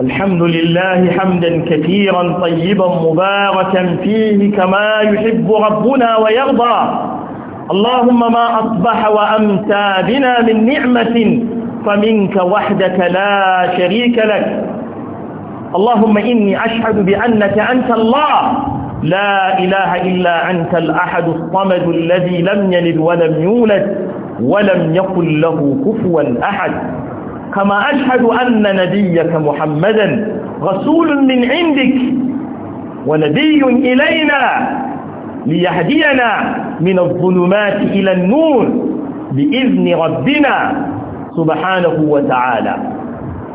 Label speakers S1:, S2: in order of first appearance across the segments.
S1: الحمد لله حمدا كثيرا طيبا مباركا فيه كما يحب ربنا ويرضى اللهم ما أصبح وأمسى بنا من نعمة فمنك وحدك لا شريك لك اللهم إني أشهد بأنك أنت الله لا إله إلا أنت الأحد الصمد الذي لم يلد ولم يولد ولم يقل له كفوا أحد كما أشهد أن نبيك محمدا رسول من عندك ونبي إلينا ليهدينا من الظلمات إلى النور بإذن ربنا سبحانه وتعالى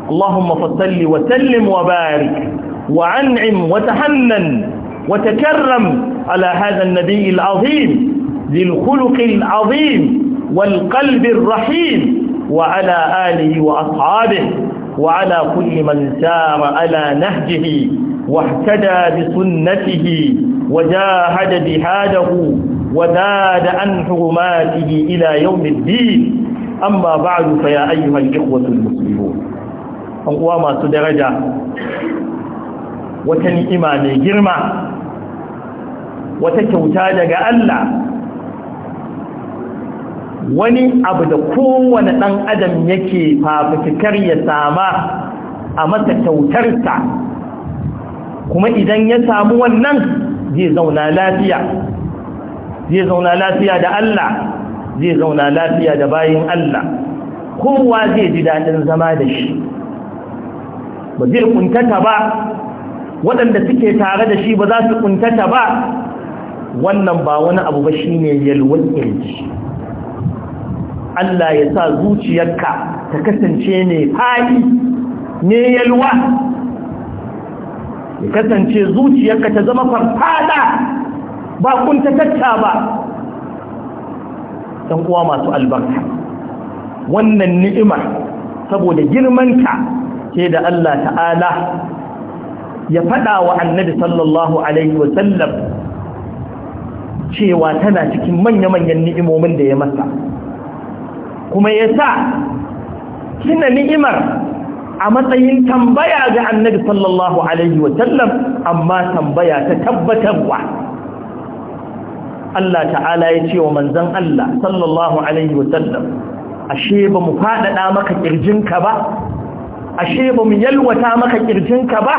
S1: اللهم فصل وسلم وبارك وأنعم وتحنن وتكرم على هذا النبي العظيم ذي الخلق العظيم والقلب الرحيم وعلى آله وأصحابه وعلى كل من سار على نهجه واهتدى بسنته وجاهد جهاده وزاد عن حرماته إلى يوم الدين أما بعد فيا أيها الإخوة المسلمون أقوام درجة وتنئما من جرمة وتكوتا دقى الله wani abu da kowane ɗan adam yake fafutukar ya sama a masa kyautarsa kuma idan ya samu wannan zai zauna lafiya zai zauna lafiya da Allah zai zauna lafiya da bayin Allah kowa zai ji daɗin zama da shi ba zai kuntata ba waɗanda suke tare da shi ba za su kuntata ba wannan ba wani abu ba shine yalwar kirji Allah ya sa zuciyarka ta kasance ne fadi ne yalwa ya kasance zuciyarka ta zama farfada ba kun ta ba ɗan uwa masu albarka wannan ni'ima saboda girmanta ce da Allah ta'ala ya faɗawa wa annabi sallallahu alaihi sallam cewa tana cikin manya-manyan ni'imomin da ya masa kuma ya sa tuna ni'imar a matsayin tambaya ga annabi sallallahu alaihi wasallam amma tambaya ta tabbatarwa Allah ta'ala ya ce wa manzan Allah sallallahu alaihi wasallam ashe ba mu faɗaɗa maka ƙirjinka ba ashe ba mu yalwata maka ka ba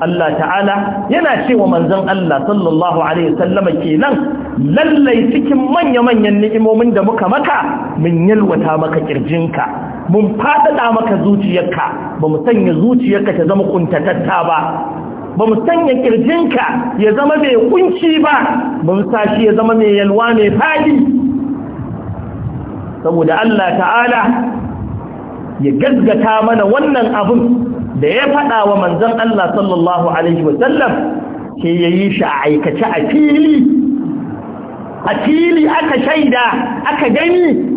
S1: Allah ta'ala yana cewa manzon Allah sallallahu alaihi sallama kenan lallai cikin manya-manyan ni'imomin da muka maka mun yalwata maka kirjinka mun faɗaɗa maka zuciyarka ba mu sanya zuciyarka ta zama kuntatatta ba ba mu sanya kirjinka ya zama mai kunci ba mun sa shi ya zama mai yalwa mai faɗi saboda Allah ta'ala ya gaggata mana wannan abin da ya faɗa wa manzon Allah sallallahu alaihi wasallam sai yayi shi a aikace a fili a fili aka shaida aka gani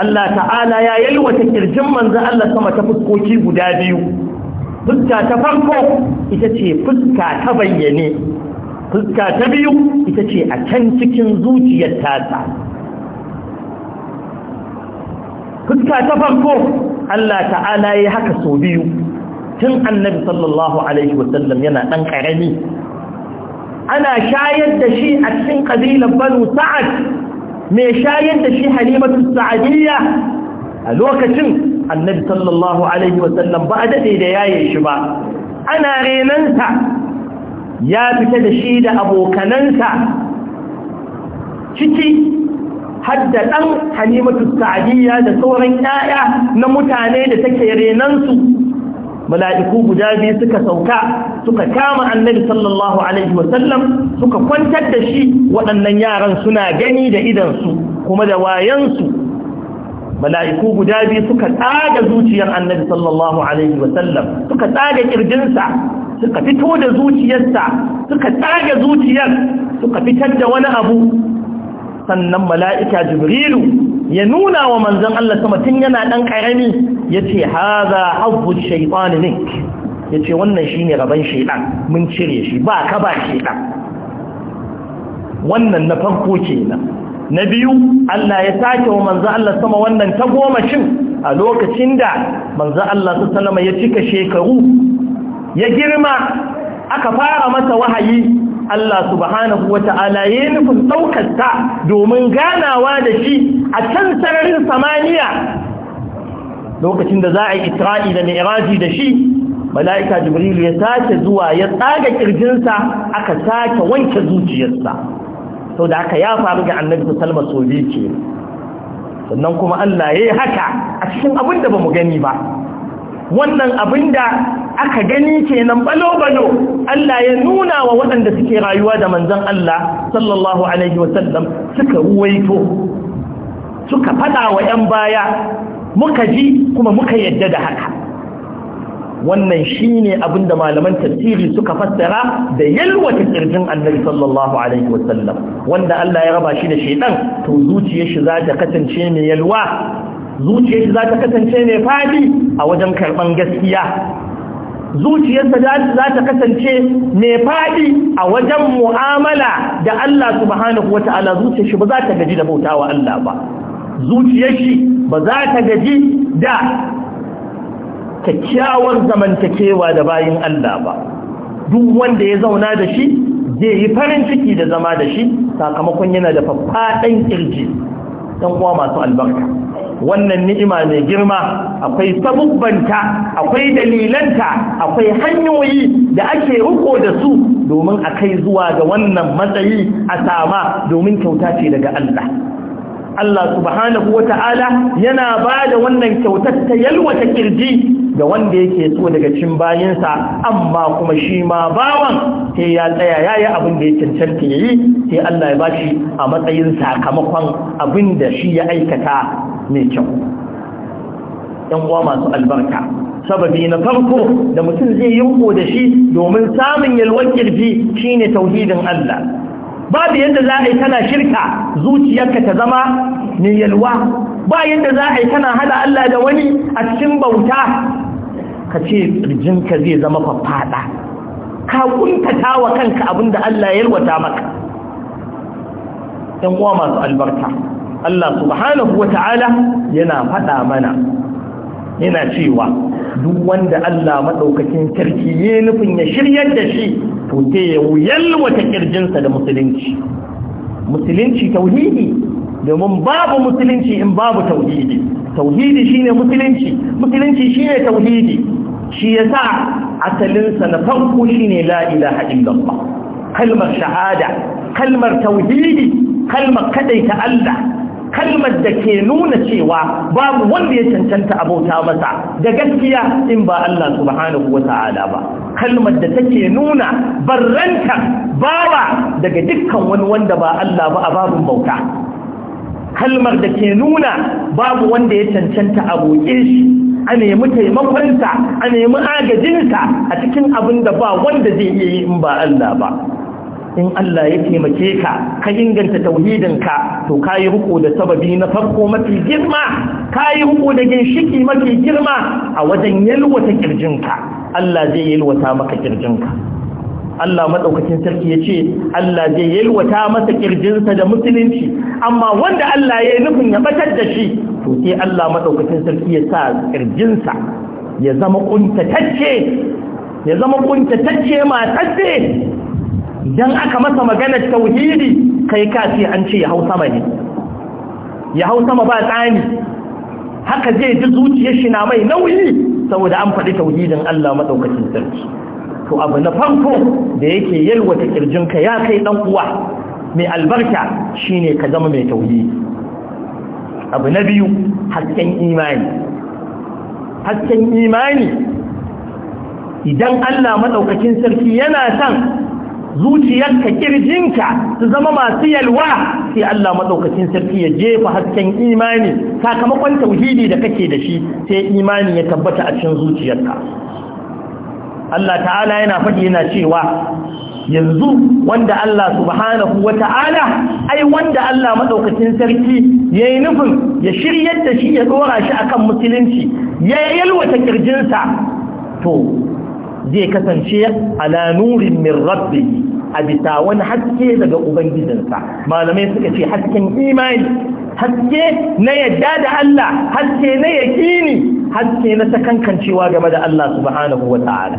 S1: Allah ta'ala ya yalwata kirjin manzan Allah sama ta fuskoki guda biyu fuska ta farko ita ce fuska ta bayyane fuska ta biyu ita ce a can cikin zuciyar tasa fuska ta farko Allah ta'ala ya haka sau biyu tun annabi sallallahu alaihi wasallam yana ɗan ƙarami ana shayar da shi a cikin ƙabilar banu sa'ad mai shayar da shi halimatu sa'adiyya a lokacin annabi sallallahu alaihi wasallam ba a daɗe da yaye shi ba ana renanta ya fita da shi da abokanansa ciki har da ɗan halimatu sa'adiyya da sauran 'ya'ya na mutane da take renansu mala'iku guda biyu suka sauka suka kama annabi sallallahu alaihi wasallam suka kwantar da shi waɗannan yaran suna gani da idansu kuma da wayansu mala'iku guda biyu suka tsaga zuciyar annabi sallallahu alaihi wasallam suka tsaga ƙirjinsa suka fito da zuciyarsa suka tsaga zuciyar suka fitar da wani abu sannan mala'ika jibrilu ya nuna wa manzan Allah sama tun yana dan karami yace haza hazzu shaytan Ya ce wannan ne rabon shaytan mun cire shi ba ka ba shaytan wannan na farko kenan na biyu Allah ya sake wa manzan Allah sama wannan ta goma shin a lokacin da manzan Allah sallama ya cika shekaru ya girma aka fara masa wahayi Allah subhanahu wa ta'ala ya yi nufin ɗaukarta domin ganawa da shi a can sararin samaniya lokacin da za a yi isra'i da mai da shi mala'ika jibrilu ya sake zuwa ya tsaga ƙirjinsa aka sake wanke zuciyarsa sau da aka ya faru ga annabi salma sobe ce sannan kuma Allah ya yi haka a cikin abin da ba mu gani ba wannan abin da aka gani kenan balo-balo Allah ya nuna wa waɗanda suke rayuwa da manzon Allah sallallahu alaihi wasallam suka ruwaito suka faɗa wa 'yan baya muka ji kuma muka yadda da haka wannan shi ne abinda malaman tafsiri suka fassara da yalwata kirjin annabi sallallahu alaihi wasallam wanda Allah ya raba shi da shaidan to zuciyar shi za ta kasance mai yalwa zuciyar shi za ta kasance mai fadi a wajen karban gaskiya zuciyarsa za ta kasance mai faɗi a wajen mu'amala da Allah subhanahu wa ta'ala zuciyar ba za ta gaji da bautawa Allah ba zuciyar shi ba za ta gaji da kyakkyawar zamantakewa da bayin Allah ba duk wanda ya zauna da shi zai yi farin ciki da zama da shi sakamakon yana da faffaɗan ƙirji don uwa masu albarka wannan ni'ima mai girma akwai sabubbanta akwai dalilanta akwai hanyoyi da ake riko da su domin a kai zuwa ga wannan matsayi a sama domin kyauta ce daga Allah Allah subhanahu wata'ala yana ba da wannan kyautar ta yalwata kirji ga wanda yake so daga cin bayinsa amma kuma shi ma bawan sai ya tsaya ya yi abin da ya cancanta ya yi sai Allah ya bashi a matsayin sakamakon abin da shi ya aikata mai kyau ɗan uwa masu albarka sababi na farko da mutum zai yinko da shi domin samun yalwar kirfi shine tauhidin Allah babu yadda za a yi tana shirka zuciyarka ta zama mai yalwa ba yadda za a yi tana hada Allah da wani a cikin bauta ka ce rijinka zai zama faffada ka kuntata wa kanka abinda Allah ya yalwata maka ɗan uwa masu albarka Allah subhanahu wata'ala yana faɗa mana yana cewa duk wanda Allah maɗaukakin sarki ya nufin ya shiryar da shi to sai ya wata kirjinsa da musulunci musulunci tauhidi domin babu musulunci in babu tauhidi tauhidi shine musulunci musulunci shine tauhidi shi sa asalinsa na farko shine la ilaha illallah kalmar shahada kalmar tauhidi kalmar kadaita Allah kalmar da ke nuna cewa babu wanda ya cancanta abota masa da gaskiya in ba Allah subhanahu wa ta'ala ba kalmar da take nuna barranta bawa daga dukkan wani wanda ba Allah ba a babun bauta kalmar da ke nuna babu wanda ya cancanta abokin shi a nemi taimakonsa a nemi agajinsa a cikin abin da ba wanda zai iya yi in ba Allah ba in Allah ya taimake ka ka inganta tauhidinka to kayi riko da sababi na farko mafi girma kayi riko da ginshiki mafi girma a wajen yalwata kirjinka Allah zai yalwata maka kirjinka Allah madaukakin sarki yace Allah zai yalwata masa kirjinsa da musulunci amma wanda Allah ya nufin ya batar da shi to sai Allah madaukakin sarki ya sa kirjinsa ya zama kuntatacce ya zama kuntatacce matsatse idan aka masa maganar tauhidi kai ka sai an ce ya hau sama ne ya hau sama ba tsani haka zai ji zuciyar shi na mai nauyi saboda an faɗi tauhidin Allah maɗaukacin sarki to abu na farko da yake yalwata ka ya kai ɗan uwa mai albarka shine ka zama mai tauhidi abu na biyu hasken imani hasken imani idan Allah maɗaukacin sarki yana son zuciyarka kirjinka su zama masu yalwa sai Allah maɗaukacin sarki ya jefa hasken imani sakamakon tauhidi da kake da shi sai imani ya tabbata a cikin zuciyarka Allah ta'ala yana faɗi yana cewa yanzu wanda Allah subhanahu wa ta'ala ai wanda Allah maɗaukacin sarki ya yi nufin ya shiryar da shi ya ɗora shi akan musulunci ya yalwata ƙirjinsa to zai kasance ala nurin min rabbi a bisa wani haske daga ubangijinsa malamai suka ce hasken imani haske na yadda da Allah haske na yakini, haske na sakankancewa game da Allah subhanahu wa ta'ala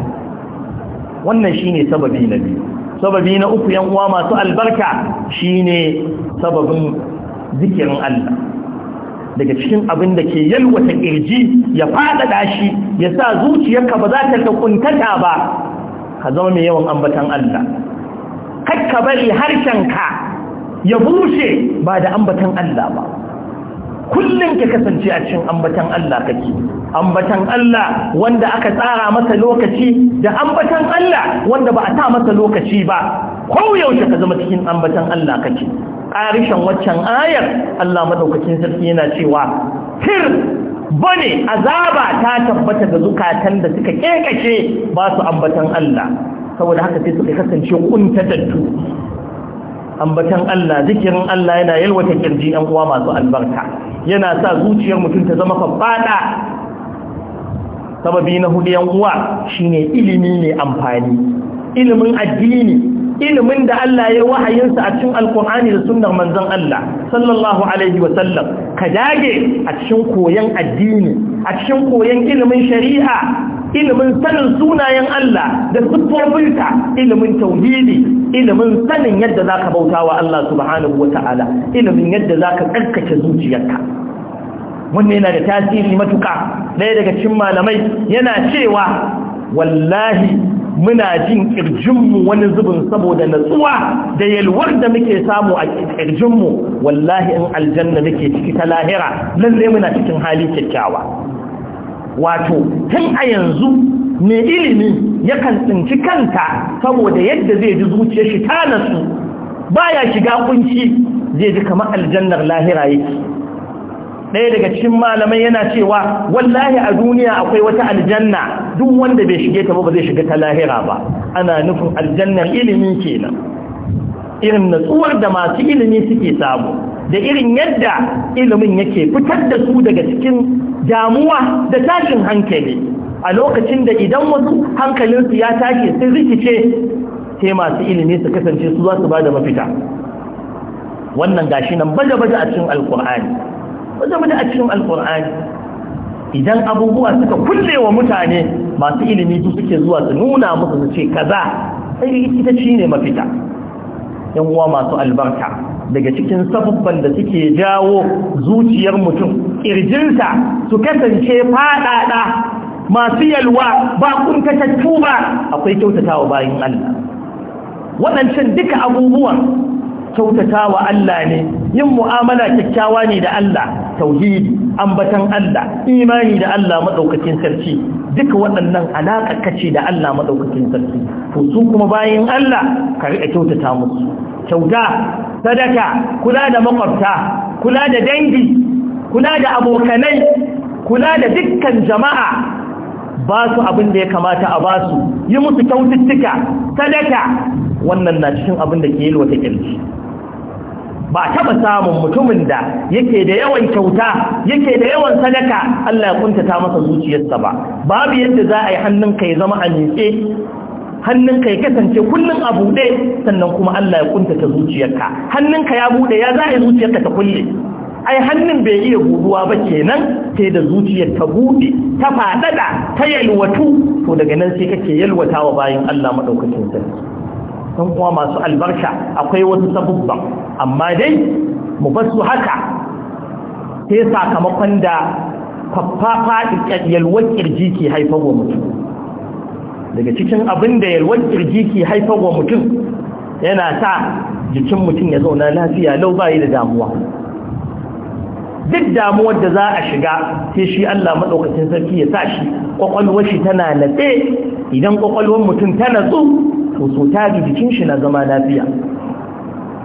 S1: wannan shine sababi na biyu sababi na uku yan uwa masu albarka shine sababin zikirin Allah daga cikin abin da ke yalwata kirji ya faɗaɗa shi ya sa zuciyarka ba za ta kuntata ba ka zama mai yawan ambatan Allah
S2: kakka bari harshenka
S1: ya bushe ba da ambatan Allah ba kullum ka kasance a cikin ambatan Allah kake ambatan Allah wanda aka tsara masa lokaci da ambatan Allah wanda ba a ta masa lokaci ba koyaushe ka zama cikin ambatan Allah kake ƙarishin waccan ayar Allah madaukakin sarki yana cewa fir bane azaba ta tabbata ga zukatan da suka kekace ba su ambatan Allah saboda haka sai suka kasance kuntatattu ambatan Allah zikirin Allah yana yalwata kirji ɗan uwa masu albarka yana sa zuciyar mutum ta zama faɗa. sababi na hudu yan uwa shine ilimi ne amfani ilimin addini ilimin da Allah ya wahayinsa a cikin alkur'ani da sunnar manzon Allah sallallahu alaihi wa sallam ka dage a cikin koyon addini a cikin koyon ilimin shari'a ilimin sanin sunayen Allah da siffofinsa ilimin tauhidi ilimin sanin yadda zaka bauta wa Allah subhanahu wataala ilimin yadda zaka tsarkake zuciyarka wanne yana da tasiri matuka ɗaya daga cikin malamai yana cewa wallahi muna jin kirjinmu wani zubin saboda natsuwa da yalwar da muke samu a kirjinmu wallahi in aljanna muke ciki ta lahira lalle muna cikin hali kyakkyawa wato tun a yanzu mai ilimi yakan tsinci kanta saboda yadda zai ji zuciyar shi ta nasu baya shiga kunci zai ji kamar aljannar lahira yake ɗaya daga cikin malamai yana cewa wallahi a duniya akwai wata aljanna duk wanda bai shige ta ba zai shiga ta lahira ba ana nufin aljannar ilimi kenan irin natsuwar da masu ilimi suke samu da irin yadda ilimin yake fitar da su daga cikin damuwa da tashin hankali a lokacin da idan wasu hankalinsu ya tashi sai rikice sai masu ilimi su kasance su za su ba mafita wannan gashi nan baje-baje a cikin alkur'ani baje-baje a cikin alkur'ani idan abubuwa suka kulle wa mutane masu ilimi su suke zuwa su nuna musu su ce kaza sai ita shine ne mafita yan uwa masu albarka daga cikin sababban da suke jawo zuciyar mutum ƙirjinsa su kasance faɗaɗa masu yalwa ba kuntatattu ba akwai kyautatawa bayan Allah waɗancan duka abubuwan kyautatawa Allah ne yin mu'amala kyakkyawa ne da Allah tauhidi ambatan Allah imani da Allah madaukakin sarki duka waɗannan alaƙa kace da Allah madaukakin sarki to su kuma bayan Allah ka riƙa kyautata musu kyauta sadaka kula da makwabta kula da dangi kula da abokanai kula da dukkan jama'a ba su abin da ya kamata a ba su yi musu kyaututtuka sadaka wannan na cikin abin da ke yi wata kirki ba taɓa samun mutumin da yake da yawan kyauta yake da yawan sadaka Allah ya kuntata masa zuciyarsa ba babu yadda za a yi ka ya zama a miƙe hannunka ya kasance kullum a buɗe sannan kuma Allah ya kunta ta zuciyarka hannunka ya buɗe ya zaya zuciyarka ta kulle ai hannun bai iya buɗuwa ba kenan sai da zuciyar ta buɗe ta faɗaɗa ta yalwatu to daga nan sai kake yalwata wa bayan Allah maɗaukacin sarki ɗan kuma masu albarka akwai wasu sabubban amma dai mu basu haka sai sakamakon da faffafa yalwar kirji ke haifar wa mutum daga cikin abin da yalwar kirji ke haifar wa mutum yana sa jikin mutum ya zauna lafiya lau bayi da damuwa duk damuwar da za a shiga sai shi Allah maɗaukacin sarki ya sa shi ƙwaƙwalwar shi tana natse idan ƙwaƙwalwar mutum ta natsu to so jikin shi na zama lafiya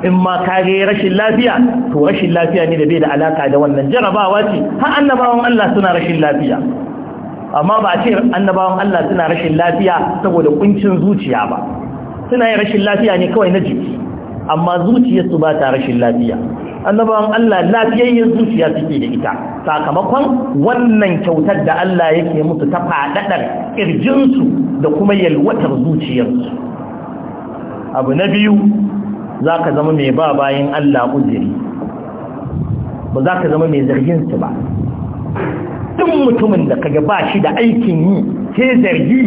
S1: in ma kare rashin lafiya to rashin lafiya ne da bai da alaka da wannan jarabawa ce har annabawan Allah suna rashin lafiya amma ba a ce annabawan Allah suna rashin lafiya saboda kuncin zuciya ba suna yin rashin lafiya ne kawai na jiki amma zuciyarsu ba ta rashin lafiya annabawan Allah lafiyayyen zuciya suke da ita sakamakon wannan kyautar da Allah yake musu ta faɗaɗar ƙirjinsu da kuma yalwatar zuciyarsu abu na biyu za ka zama mai ba bayan Allah uziri ba za ka zama mai zarginsu ba duk mutumin da kaga ba shi da aikin yi ke zargi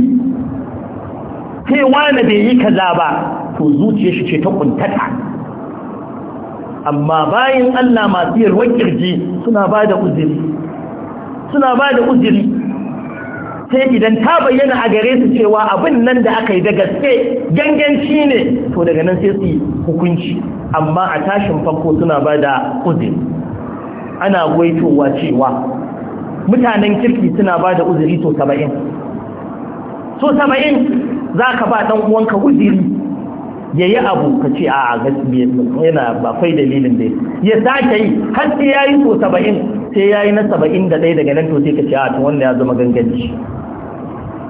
S1: sai wani bai yi kaza ba to zuciya shi ce ta kuntata amma bayan Allah masu yalwar kirji suna ba da uziri suna ba da uziri sai idan ta bayyana a gare su cewa abin nan da aka yi da gaske ganganci ne to daga nan sai su hukunci amma a tashin farko suna ba da uziri ana gwaitowa cewa mutanen kirki suna ba da uzuri so saba'in so saba'in za ka ba ɗan uwanka uzuri ya yi abu ka ce a yana ba dalilin da ya sake yi har sai ya yi so saba'in sai ya yi na saba'in da ɗaya daga nan to sai ka ce a wanda ya zama ganganci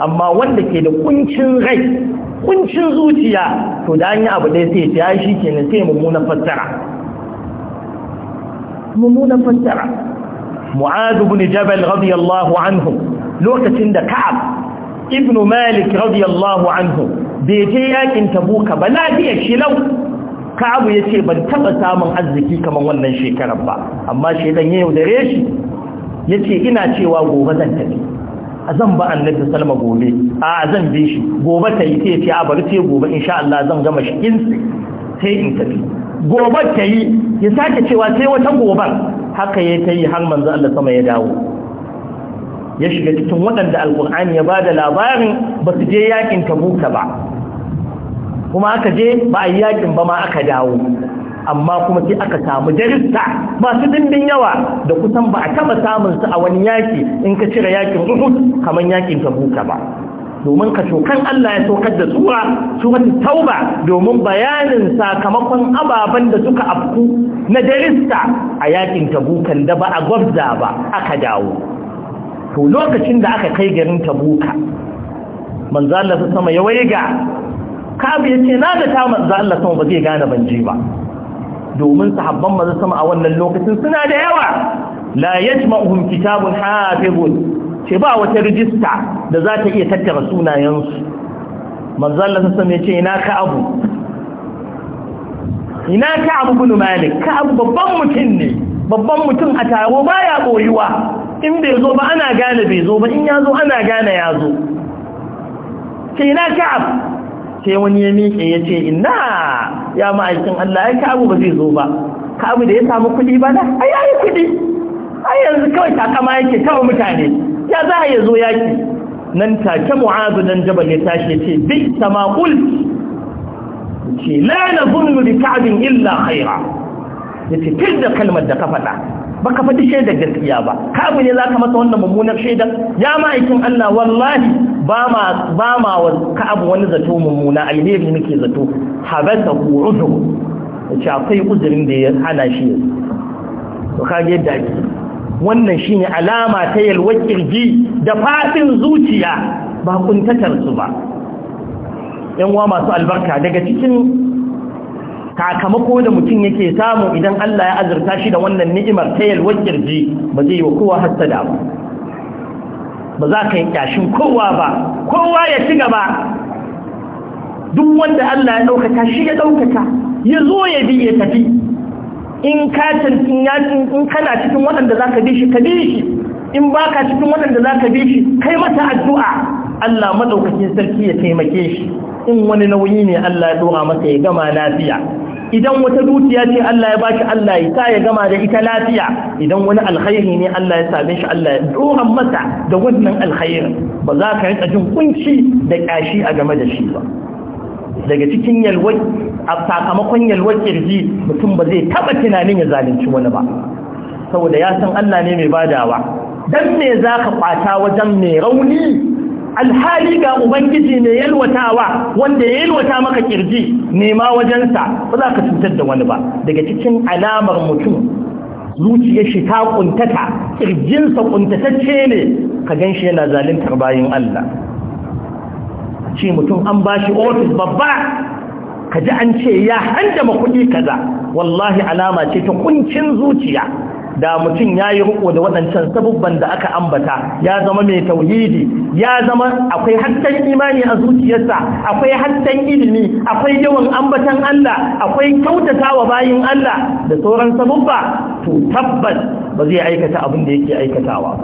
S1: amma wanda ke da kuncin rai kuncin zuciya to da an yi abu ɗaya sai ya shi kenan sai mummunan fassara mummunan fassara mu'adh ibn jabal radiyallahu anhu lokacin da ka'ab ibn malik radiyallahu anhu bai je yakin tabuka ba lafiyar shi lau ka'ab yace ban taba samun arziki kamar wannan shekarar ba amma shedan yau da reshi yace ina cewa gobe zan tafi zan ba annabi salma gobe a zan bi shi gobe ta yi sai ce a bari sai gobe insha Allah zan gama shi in sai in tafi gobe ta yi ya sake cewa sai wata gobar. haka ya ta yi har manzo Allah sama ya dawo ya shiga cikin waɗanda alkur'ani ya ba da labarin ba su je yakin tabuka ba kuma aka je ba a yi yakin ba ma aka dawo amma kuma sai aka samu jarista masu dimbin yawa da kusan ba a taɓa samun su a wani yaki in ka cire yakin uhud kamar yakin tabuka ba domin ka cokan Allah ya saukar da sura suratul tauba domin bayanin sakamakon ababen da suka afku na darista a yakin tabukan da ba a gwabza ba aka dawo to lokacin da aka kai garin tabuka manzo Allah sama ya waiga kabi yace na ga ta manzo Allah sama ba zai gane banje ba domin sahabban manzo sama a wannan lokacin suna da yawa la yajma'uhum kitabun hafizun ce ba wata rijista da za ta iya tattara sunayensu manzalla ta sami ce ina ka abu ina ka abu bin malik ka abu babban mutum ne babban mutum a taro ya boyuwa in bai zo ba ana gane bai zo ba in ya zo ana gane ya zo ce ina ka abu sai wani ya miƙe ya ce ina ya ma'aikin Allah ya ka abu ba zai zo ba ka abu da ya samu kuɗi ba na ai ai kuɗi ai yanzu kawai takama yake kawai mutane ya za a yazo yaki nan take mu'azu dan jabal ya tashi ce bi sama qul ce la nazunnu bi ka'bin illa khaira yace tidda kalmar da ka faɗa baka faɗi shaidar gaskiya ba kabu ne zaka masa wannan mummunar shaidar ya ma aikin Allah wallahi ba ma ba ma wa wani zato mummuna alheri muke zato habata ku uzu yace akwai uzurin da ya hana shi to kage yadda wannan shine alama ta yalwar kirji da fadin zuciya ba kuntatar su ba Yanwa masu albarka daga cikin kakamako da mutum yake samu idan Allah ya azurta shi da wannan ni'imar ta yalwar kirji ba zai yi wa kowa hasta ba ba za ka yi kyashin kowa ba kowa ya ci gaba duk wanda Allah ya ɗaukata shi ya ɗaukata ya zo ya bi ya tafi in ka kana cikin waɗanda za ka bi shi ka bi shi in ba ka cikin waɗanda za ka bi shi kai mata addu'a Allah maɗaukacin sarki ya taimake shi in wani nauyi ne Allah ya ɗora masa ya gama lafiya idan wata dukiya ce Allah ya bashi Allah ya sa ya gama da ita lafiya idan wani alkhairi ne Allah ya same shi Allah ya ɗora masa da wannan alkhairin ba za ka rika jin kunci da ƙyashi a game da shi ba daga cikin yalwai a sakamakon yalwar kirji mutum ba zai taba tunanin ya zalunci wani ba saboda ya san Allah ne mai badawa dan me zaka kwata wajen mai rauni alhali ga ubangiji ne yalwatawa wanda ya yalwata maka kirji nema wajensa ba za ka cutar da wani ba daga cikin alamar mutum zuciyar shi ta kuntata kirjinsa kuntatacce ne ka gan shi yana zaluntar bayin Allah ce mutum an ba shi ofis babba ka ji an ce ya handama kuɗi kaza wallahi alama ce ta kuncin zuciya da mutum ya yi riko da waɗancan sabubban da aka ambata ya zama mai tauhidi ya zama akwai hattan imani a zuciyarsa akwai hattan ilimi akwai yawan ambatan Allah akwai kyautata wa bayin Allah da sauran sabubba to tabbas ba zai aikata abin da yake aikatawa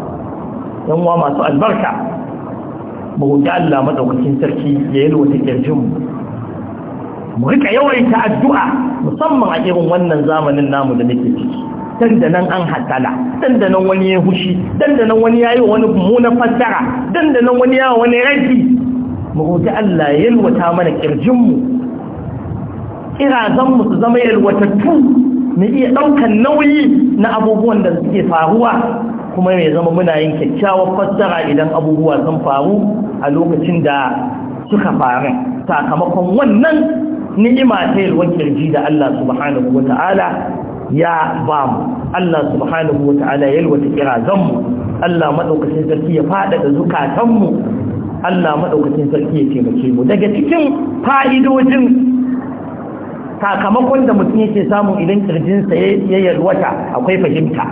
S1: yan wa masu albarka mu roƙi Allah madaukakin sarki ya yalwata kirjin mu mu rika yawaita addu'a musamman a irin wannan zamanin namu da muke ciki dandanan an hatala dandanan wani ya hushi dandanan wani ya yi wani mummunan fassara dandanan wani ya wani rafi mu roƙi Allah ya yalwata mana kirjinmu kirazanmu su zama yalwatattu mu iya ɗaukan nauyi na abubuwan da suke faruwa kuma ya zama muna yin kyakkyawar fassara idan abubuwa sun faru a lokacin da suka fara. sakamakon wannan ni'ima ta yalwar kirji da Allah subhanahu wa ta'ala ya ba mu Allah subhanahu wa ta'ala yalwata zanmu Allah maɗaukacin sarki ya faɗaɗa zukatanmu Allah maɗaukacin sarki ya taimake mu daga cikin fa'idojin sakamakon da mutum yake samun idan kirjinsa ya yalwata akwai fahimta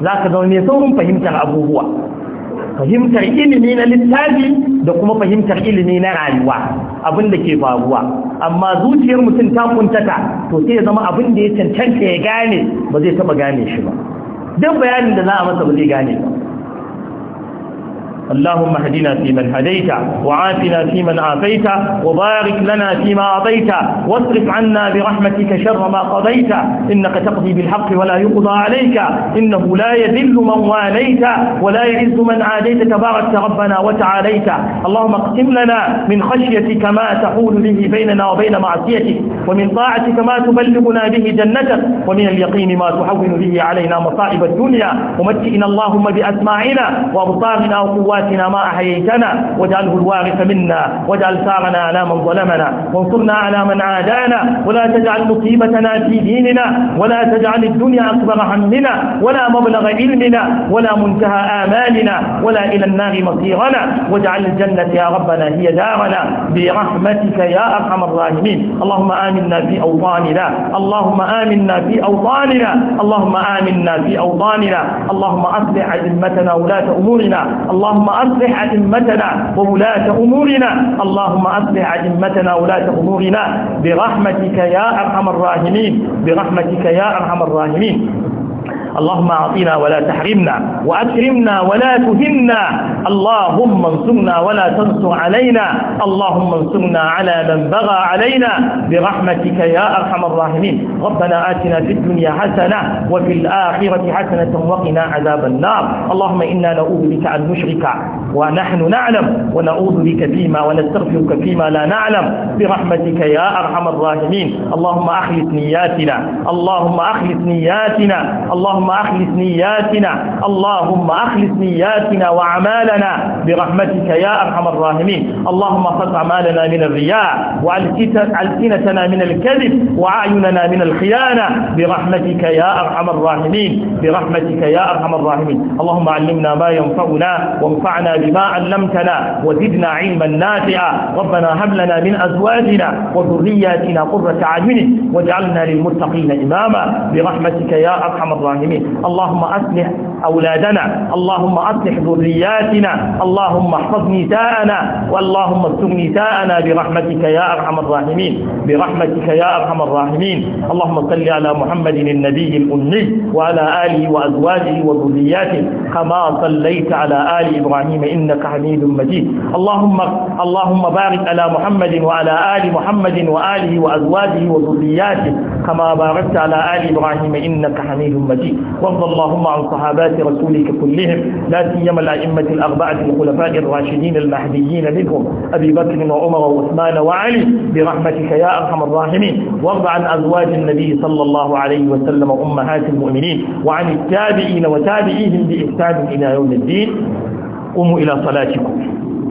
S1: za ka zaune saurin fahimtar abubuwa fahimtar ilimi na littafi da kuma fahimtar ilimi na rayuwa abin da ke faruwa amma zuciyar mutum ta kuntata to sai ya zama abin da ya cancanta ya gane ba zai taba gane shi ba duk bayanin da za a masa ba zai gane ba اللهم اهدنا فيمن هديت وعافنا فيمن عافيت وبارك لنا فيما أعطيت واصرف عنا برحمتك شر ما قضيت إنك تقضي بالحق ولا يقضى عليك إنه لا يذل من واليت ولا يعز من عاديت تبارك ربنا وتعاليت اللهم اقسم لنا من خشيتك ما تحول به بيننا وبين معصيتك ومن طاعتك ما تبلغنا به جنتك ومن اليقين ما تحول به علينا مصائب الدنيا ومتئنا اللهم بأسماعنا وأبصارنا وقواتنا أمواتنا ما أحييتنا واجعله الوارث منا واجعل ثارنا على من ظلمنا وانصرنا على من عادانا ولا تجعل مصيبتنا في ديننا ولا تجعل الدنيا أكبر همنا ولا مبلغ علمنا ولا منتهى آمالنا ولا إلى النار مصيرنا واجعل الجنة يا ربنا هي دارنا برحمتك يا أرحم الراحمين اللهم آمنا في أوطاننا اللهم آمنا في أوطاننا اللهم آمنا في أوطاننا اللهم أصلح أئمتنا ولاة أمورنا اللهم أصلح أئمتنا وولاة أمورنا اللهم أصلح أئمتنا وولاة أمورنا برحمتك يا أرحم الراحمين برحمتك يا أرحم الراحمين اللهم أعطنا ولا تحرمنا وأكرمنا ولا تهنا اللهم انصرنا ولا تنصر علينا اللهم انصرنا على من بغى علينا برحمتك يا أرحم الراحمين ربنا آتنا في الدنيا حسنة وفي الآخرة حسنة وقنا عذاب النار اللهم إنا نعوذ بك أن نشرك ونحن نعلم ونعوذ بك فيما ونستغفرك فيما لا نعلم برحمتك يا أرحم الراحمين اللهم أخلص نياتنا اللهم أخلص نياتنا اللهم اللهم أخلص نياتنا اللهم أخلص نياتنا وأعمالنا برحمتك يا أرحم الراحمين اللهم صد أعمالنا من الرياء وألسنتنا من الكذب وأعيننا من الخيانة برحمتك يا أرحم الراحمين برحمتك يا أرحم الراحمين اللهم علمنا ما ينفعنا وانفعنا بما علمتنا وزدنا علما نافعا ربنا هب لنا من أزواجنا وذرياتنا قرة أعين واجعلنا للمتقين إماما برحمتك يا أرحم الراحمين المسلمين اللهم أصلح أولادنا اللهم أصلح ذرياتنا اللهم احفظ نساءنا واللهم استر نساءنا برحمتك يا أرحم الراحمين برحمتك يا أرحم الراحمين اللهم صل على محمد النبي الأمي وعلى آله وأزواجه وذرياته كما صليت على آل إبراهيم إنك حميد مجيد اللهم اللهم بارك على محمد وعلى آل محمد وآله وأزواجه وذرياته كما باركت على آل إبراهيم إنك حميد مجيد وارض اللهم عن صحابات رسولك كلهم لا سيما الأئمة الأربعة الخلفاء الراشدين المهديين منهم أبي بكر وعمر وعثمان وعلي برحمتك يا أرحم الراحمين وارض عن أزواج النبي صلى الله عليه وسلم وأمهات المؤمنين وعن التابعين وتابعيهم بإحسان إلى يوم الدين قوموا إلى صلاتكم